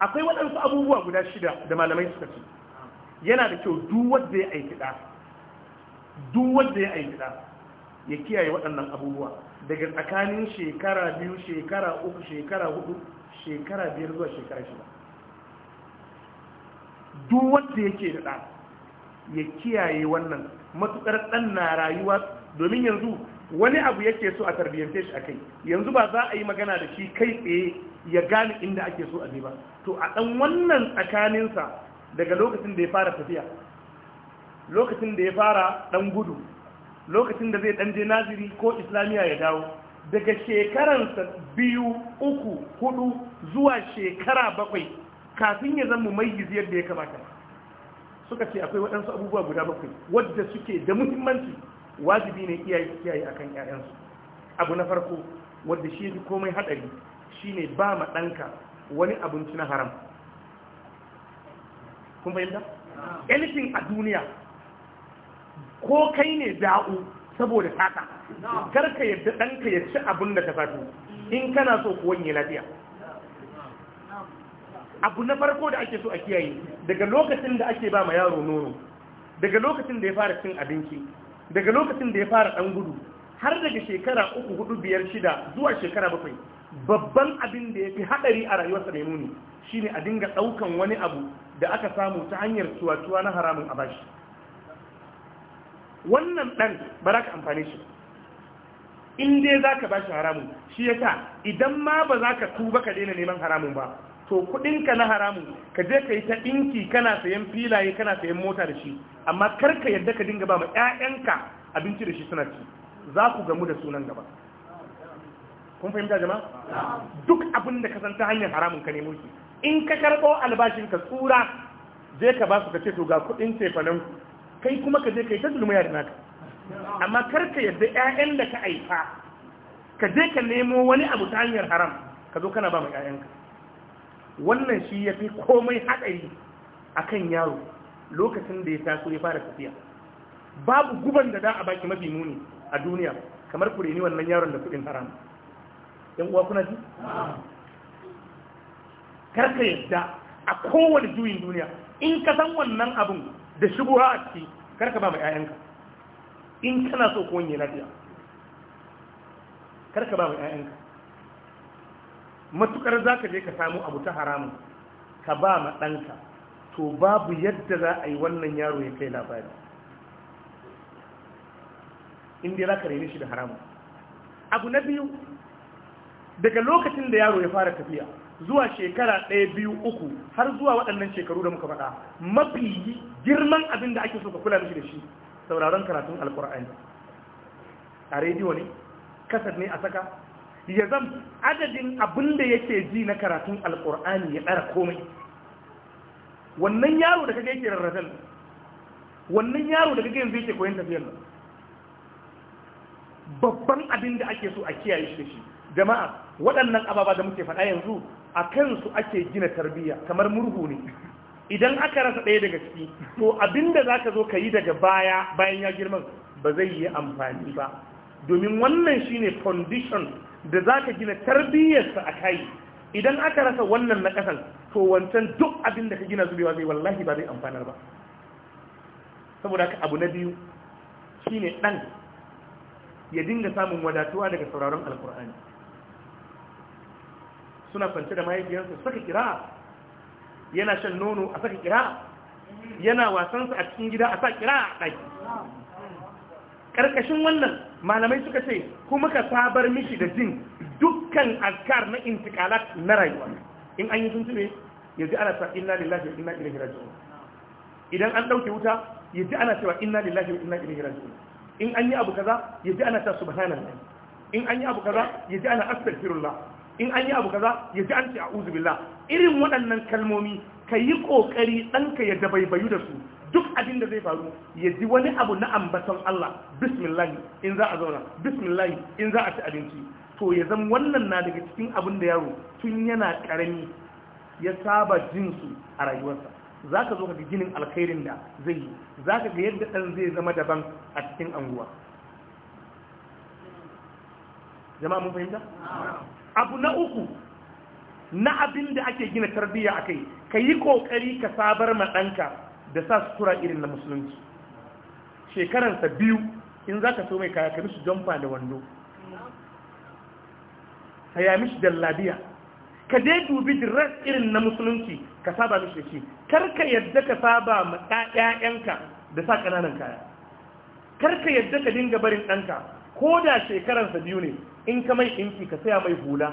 akwai waɗansu abubuwa guda shida da malamai suka ce yana da kyau duk wanda ya aiki ɗa, duk wanda ya aiki ɗa ya kiyaye waɗannan abubuwa daga tsakanin shekara biyu shekara uku shekara hudu shekara biyar zuwa shekara shida duk wanda ke da ɗa ya kiyaye wannan matuƙar ɗan na rayuwa domin yanzu wani abu yake so a tarbiyyance shi a kai, yanzu ba za a yi magana da shi kai tsaye ya gane inda ake so a je ba to a ɗan wannan tsakaninsa daga lokacin da ya fara tafiya lokacin da ya fara ɗan gudu lokacin da zai dan je naziri ko islamiyya ya dawo daga shekaransa biyu uku hudu zuwa shekara bakwai kafin ya zama mai yadda ya kamata suka ce akwai waɗansu abubuwa guda bakwai wadda suke da muhimmanci wajibi ne iyaye su kiyaye akan ƴaƴansu abu na farko wanda shi yake komai hadari shine ba ma danka wani abinci na haram kun fahimta anything a duniya ko kai ne da'u saboda tata kar ka yadda danka ya ci abin da ta fato in kana so ku wani lafiya abu na farko da ake so a kiyaye daga lokacin da ake ba ma yaro nono daga lokacin da ya fara cin abinci daga lokacin da ya fara ɗan gudu har daga shekara uku hudu biyar shida zuwa shekara bakwai babban abin da ya fi haɗari a rayuwarsa mai muni shine a dinga ɗaukan wani abu da aka samu ta hanyar cuwa na haramun a bashi wannan ɗan ba za ka amfani shi in dai za ka bashi haramun shi ya sa idan ma ba za ka tuba ka daina neman haramun ba to kudinka na haramun ka je ka yi ta dinki kana sayan filaye kana sayan mota da shi amma kar ka yadda ka dinga ba ma ƴaƴanka abinci da shi suna ci za ku gamu da sunan gaba kun fahimta jama'a duk abin da ka san ta hanyar haramun ka nemo shi in ka karɓo albashin ka tsura je ka ba su ka ce to ga kuɗin cefanen kai kuma ka je ka yi ta zulmiya da naka amma kar ka yadda ƴaƴan da ka aifa ka je ka nemo wani abu ta hanyar haram ka zo kana ba ma ƴaƴanka. wannan shi ya fi komai haɗari a kan yaro lokacin da ya taso ya fara tafiya babu guban da za a baki mafi muni a duniya kamar ku reni wannan yaron da kuɗin haram ɗan uwa kuna ji karka yadda a kowane juyin duniya in ka san wannan abin da shigo a ciki karka ba mai 'ya'yanka in kana so ko wani lafiya karka ba mai 'ya'yanka matukar za ka je ka samu abu ta haramun ka ba ma ɗanka to babu yadda za a yi wannan yaro ya kai labari inda za ka rene shi da haramun abu na biyu daga lokacin da yaro ya fara tafiya zuwa shekara ɗaya biyu uku har zuwa waɗannan shekaru da muka faɗa mafi girman abin da ake so ka kula mishi da shi sauraron karatun alkur'ani a rediyo ne kasar ne a saka ya zan adadin abin da yake ji na karatun alkur'ani ya ɗara komai wannan yaro da kaga yake rarrafen wannan yaro da kaga yanzu yake koyon tafiyar nan babban abin da ake so a kiyaye shi jama'a waɗannan ababa da muke faɗa yanzu a kansu ake gina tarbiyya kamar murhu ne idan aka rasa ɗaya daga ciki to abin da za ka zo ka yi daga baya bayan ya girman ba zai yi amfani ba domin wannan shine condition da za ka gina tarbiyyarsa a kayi idan aka rasa wannan na ƙasan to wancan duk abin da ka gina zubewa zai wallahi ba zai amfanar ba saboda haka abu na biyu shine ɗan ya dinga samun wadatuwa daga sauraron alkur'ani suna kwance da mahaifiyarsa saka kira yana shan nono a saka kira yana wasansa a cikin gida a sa kira a ɗaki ƙarƙashin wannan malamai suka ce kuma ka sabar mishi da jin dukkan azkar na intikalat na rayuwa in an yi tuntube ya ji ana sa inna lillahi wa inna ilaihi raji'un idan an ɗauke wuta ya ji ana cewa inna lillahi wa inna ilaihi raji'un in an yi abu kaza ya ji ana ta subhanallah in an yi abu kaza ya ji ana astaghfirullah in an yi abu kaza ya ji an ce a'udhu billah irin waɗannan kalmomi ka yi ƙoƙari ɗanka ya dabaibayu da su duk abin da zai faru ya ji wani abu na ambaton Allah bismillah in za a zauna bismillah in za a ci abinci to ya zan wannan na daga cikin abin da yaro tun yana karami ya saba jin su a rayuwarsa za ka zo ka ginin alkhairin da zai yi za ka ga yadda ɗan zai zama daban a cikin anguwa jama'a mun fahimta? abu na uku na abin da ake gina tarbiyya a kai ka yi ƙoƙari ka sabar ma ɗanka da sa sutura irin na musulunci shekaransa biyu in za ka so mai kaya ka mishi jamfa da wando ka da mishi ka dai dubi dress irin na musulunci ka saba mishi da shi karka yadda ka saba ma ɗayayenka da sa ƙananan kaya karka yadda ka dinga barin ɗanka ko da shekaransa biyu ne in ka mai ɗinki ka saya mai hula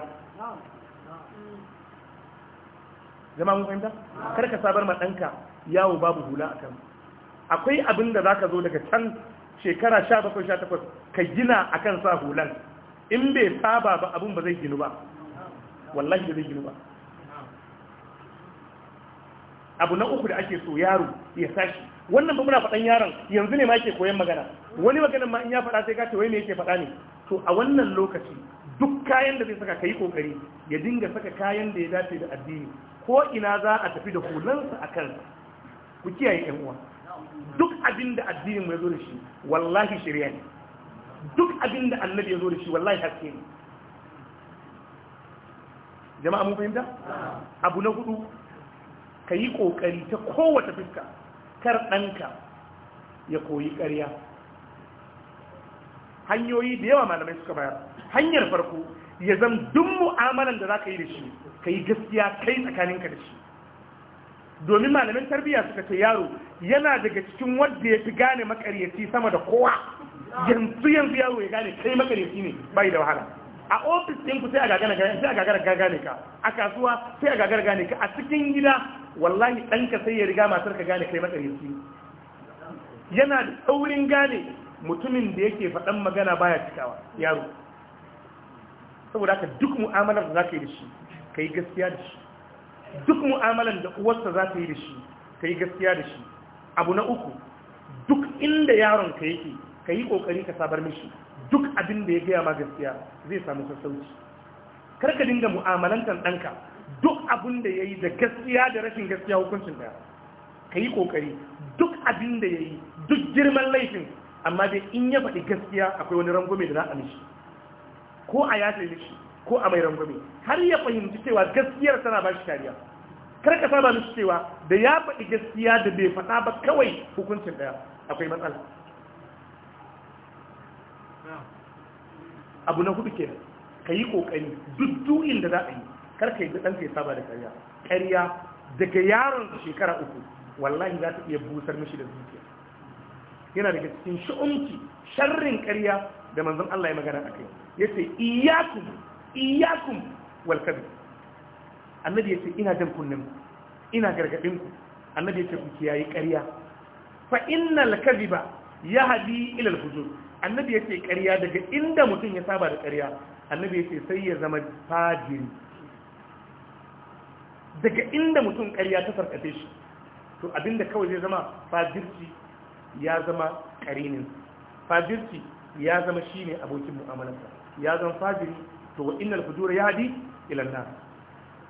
zama mun fahimta karka sabar ma ɗanka yawo babu hula a kan akwai abin da za ka zo daga can shekara 17-18 ka gina a kan sa hulan in bai saba ba abin ba zai ginu ba wallahi da zai ginu ba abu na uku da ake so yaro ya sashi wannan ba muna faɗan yaron yanzu ne ma ke koyon magana wani maganin ma in ya faɗa sai kace wai me yake faɗa ne to a wannan lokaci duk kayan da zai saka kai kokari ya dinga saka kayan da ya dace da addini ko ina za a tafi da hulansa a kansa ku kiyaye yan uwa duk abin da addinin ya zo da shi wallahi shirya ne duk abin da annabi ya zo da shi wallahi haske ne jama'a mun fahimta abu na hudu ka yi kokari ta kowace fuska kar danka ya koyi ƙarya hanyoyi da yawa malamai suka bayar hanyar farko ya zan duk mu'amalan da za ka yi da shi ka yi gaskiya kai tsakaninka da shi domin malamin tarbiyya suka ce yaro yana daga cikin wanda ya fi gane makaryaci sama da kowa yanzu yanzu yaro ya gane kai makaryaci ne bai da wahala a ofis ɗinku ku sai a gagara sai a gagara gane ka a kasuwa sai a gagara gane ka a cikin gida wallahi ɗanka sai ya riga matar ka gane kai makaryaci yana da saurin gane mutumin da yake faɗan magana baya cikawa yaro saboda haka duk mu'amalar da zaka ka yi da shi ka gaskiya da shi duk mu'amalan da uwarsa za ta yi da shi ka yi gaskiya da shi abu na uku duk inda yaron ka yake ka yi ƙoƙari ka sabar mishi duk abin da ya gaya ma gaskiya zai samu sassauci karka dinga mu'amalantar ɗanka duk abin da ya yi da gaskiya da rashin gaskiya hukuncin ɗaya ka yi ƙoƙari duk abin da ya yi duk girman laifin amma dai in ya faɗi gaskiya akwai wani rangwame da za a mishi ko a yace mishi ko a mai rangwame har ya fahimci cewa gaskiyar tana ba shi kariya kar ka saba mishi cewa da ya faɗi gaskiya da bai faɗa ba kawai hukuncin ɗaya akwai matsala abu na hudu ke ka yi ƙoƙari duk duyin da za a yi kar ka yi ɗanka ya saba da kariya kariya daga yaron shekara uku wallahi za ta iya busar mishi da zuciya yana daga cikin shi'unci sharrin kariya da manzon Allah ya magana a kai ya ce iyakun iyakum wal Annabi annabi yace ina jan kunnin ina gargadin ku annabi yace ku kiyaye ƙarya fa innal ba, yahdi ila al fujur annabi yace ƙarya daga inda mutum ya saba da ƙarya annabi yace sai ya zama fajiri daga inda mutum ƙarya ta sarkace shi to abinda kawai zai zama fajirci ya zama ƙarinin. fajirci ya zama shine abokin mu'amalarsa ya zama fajiri to wa innal fujura yahdi ila nar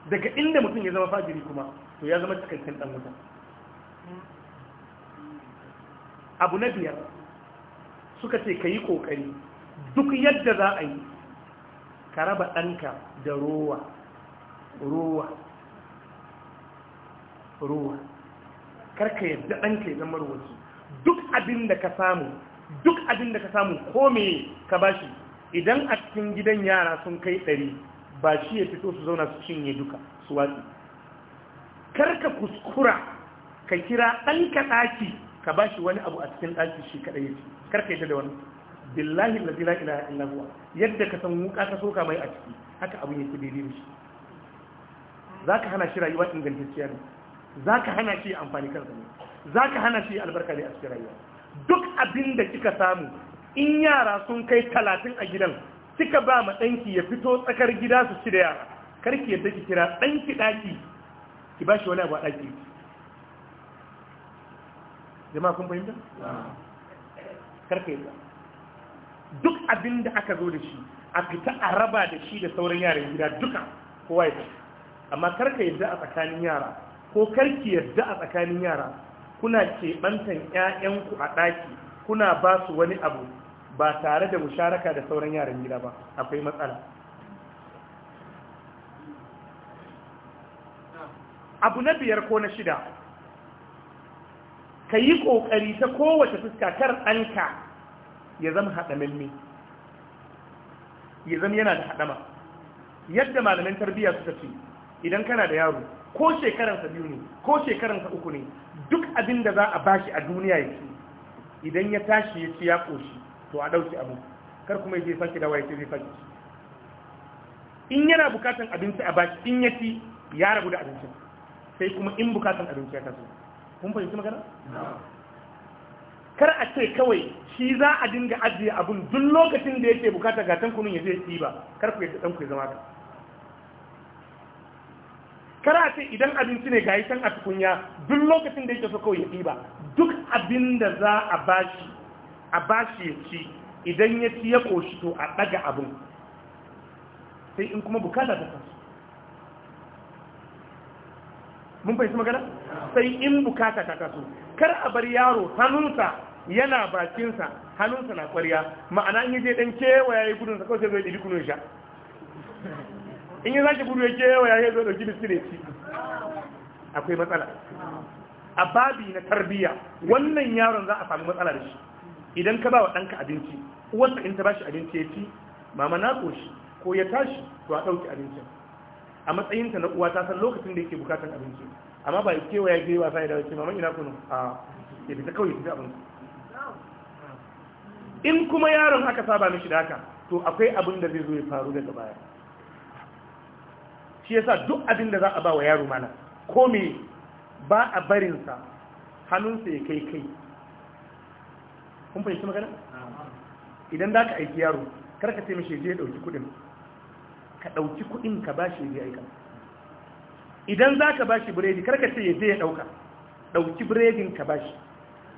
daga inda mutum ya zama fajiri kuma to ya zama cikakken dan wuta abu na biyar suka ce ka yi ƙoƙari duk yadda za a yi ka raba ɗanka da ruwa, ruwa. rowa karka yadda ɗanka ya zama rowaci duk abin da ka samu duk abin da ka samu kome ka bashi idan a cikin gidan yara sun kai ɗari ba shi ya fito su zauna su cinye duka su watsi karka kuskura ka kira ɗanka ɗaki ka ba shi wani abu a cikin ɗaki shi kaɗai ya ce karka yi da wani billahi lazi la ilaha illa yadda ka san wuka ta soka mai a ciki haka abin fi daidai da shi Za ka hana shi rayuwa ingantacciya ne ka hana shi amfani kansa ne Za ka hana shi albarka ne a cikin rayuwa duk abin da kika samu in yara sun kai talatin a gidan kika ba ma ɗanki ya fito tsakar gida su ci da yara karki yadda ki kira ɗanki ɗaki ki ba shi wani abu a ɗaki jama'a kun fahimta? karka yadda duk abin da aka zo da shi a fita a raba da shi da sauran yaran gida duka kowa ya amma karka yadda a tsakanin yara ko karki yadda a tsakanin yara kuna keɓantan 'ya'yanku a ɗaki kuna ba su wani abu ba tare da musharaka da sauran yaran gida ba akwai matsala abu na biyar ko na shida ka yi ƙoƙari ta kowace fuska kar ɗanka ya zama haɗamanni ya zama yana da haɗama yadda malamin tarbiyya suka ce idan kana da yaro ko shekaransa biyu ne ko shekaransa uku ne duk abin da za a bashi a duniya ya ce idan ya tashi ya ci ya ƙoshi to a ɗauki abu kar kuma yake sake da waye zai sake in yana bukatan abinci a baki in ya ci ya rabu da abincin sai kuma in bukatan abinci ya taso kun fahimci magana kar a ce kawai shi za a dinga ajiye abun duk lokacin da yake bukata ga tankunin ya zai yi ba kar ku yadda tankun ya zama ka kar a ce idan abinci ne ga yi can a tukunya duk lokacin da yake so kawai ya yi ba duk abin da za a bashi a bashi ya ci idan ya ci ya koshi to a ɗaga abin sai in kuma bukata ta taso mun fahimci magana sai in bukata ta taso kar a bar yaro hannunsa yana bakinsa hannunsa na kwariya ma'ana in zai ɗan kewa yi gudun sa kawai sai zai ɗiri kunun sha in yi zaki gudu ya kewa yi zai ɗauki sire ci akwai matsala a babi na tarbiyya wannan yaron za a samu matsala da shi idan ka ba wa ɗanka abinci uwarsa in ta ba shi abinci ya ci mama na koshi ko ya tashi to a ɗauki abincin a matsayinta na uwa ta san lokacin da yake bukatan abinci amma ba wa ya je wasa ya dawo ce mama ina kunu a ya fita kawai fita abinci in kuma yaron aka saba mishi da haka to akwai abin da zai zo ya faru daga baya shi yasa duk abin da za a ba wa yaro mana ko me ba a barinsa hannunsa ya kai kai kun fahimci magana idan za ka aiki yaro kar ka ce mishi je ɗauki kuɗin ka ɗauki kuɗin ka ba shi ya aika idan za ka ba shi biredi kar ka ce ya je ya ɗauka ɗauki biredin ka ba shi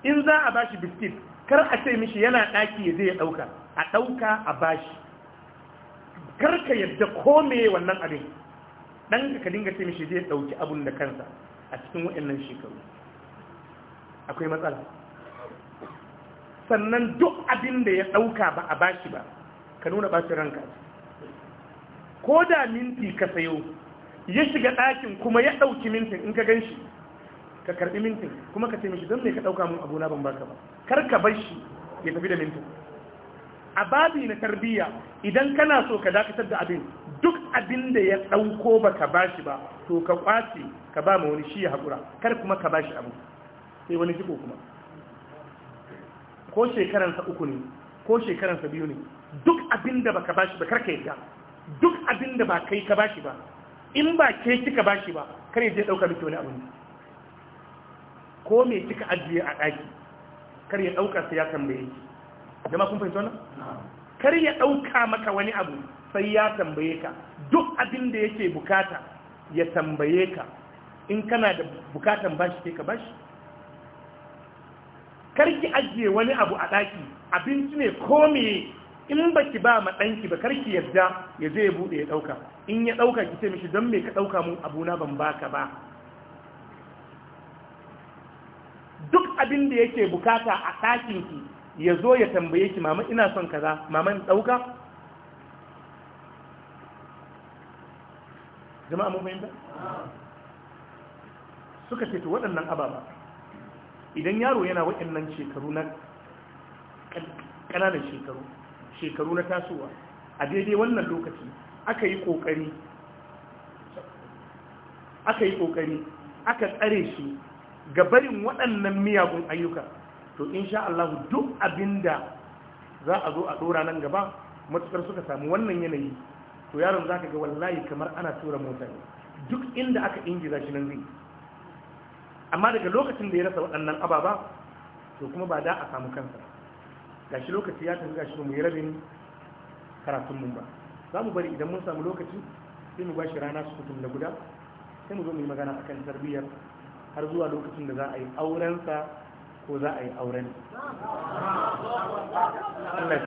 in za a ba shi biskit kar a ce mashi yana ɗaki ya je ya ɗauka a ɗauka a ba shi kar ka yadda kome wannan abin dan ka dinga ce mishi je ya ɗauki abun da kansa a cikin waɗannan shekaru akwai matsala sannan duk abin da ya ɗauka ba a bashi ba ka nuna ɓacin ranka ko da minti ka sayo ya shiga ɗakin kuma ya ɗauki mintin in ka gan shi ka karɓi mintin kuma ka taimaki don ne ka ɗauka mun abu na ban baka ba kar ka bar shi ya tafi da mintin a babi na tarbiyya idan kana so ka dakatar da abin duk abin da ya ɗauko ba ka bashi ba to ka kwace ka ba ma wani shi ya haƙura kar kuma ka bashi abu sai wani jiko kuma ko shekaransa uku ne ko sa biyu ne duk abin da baka bashi ba karka yadda duk abin da ba kai ka bashi ba in ba ke kika bashi ba kar ya je dauka miki wani abu ne ko me kika ajiye a daki kar ya dauka sai ya tambaye ki jama'a kun fahimta wannan kar ya dauka maka wani abu sai ya tambaye ka duk abin da yake bukata ya tambaye ka in kana da bukatan bashi ke ka bashi karki ajiye wani abu a ɗaki abinci ne ko me in ki ba ma ɗanki ba karki yadda ya zai ya buɗe ya ɗauka in ya ɗauka ki ce mishi don me ka ɗauka mun abuna ban baka ba duk abin da yake bukata a ɗakinki ya zo ya tambaye ki mama ina son kaza mama in ɗauka jama'a mun fahimta suka ce to waɗannan ababa idan yaro yana waɗannan shekaru na ƙananan shekaru shekaru na tasowa a daidai wannan lokaci aka yi ƙoƙari aka yi ƙoƙari aka tsare shi ga barin waɗannan miyagun ayyuka to sha Allah duk abinda za a zo a ɗora nan gaba matukar suka samu wannan yanayi to yaron za ka ga wallahi kamar ana tura mota ne duk inda aka ingiza shi nan zai amma daga lokacin da ya rasa waɗannan ababa to kuma ba da a samu kansa ga shi lokaci ya tafi ga shi mu yi rabin karatun mun ba za mu bari idan mun samu lokaci sai mu ba shi rana su kutum da guda sai mu zo mu yi magana akan tarbiyyar har zuwa lokacin da za a yi aurensa ko za a yi auren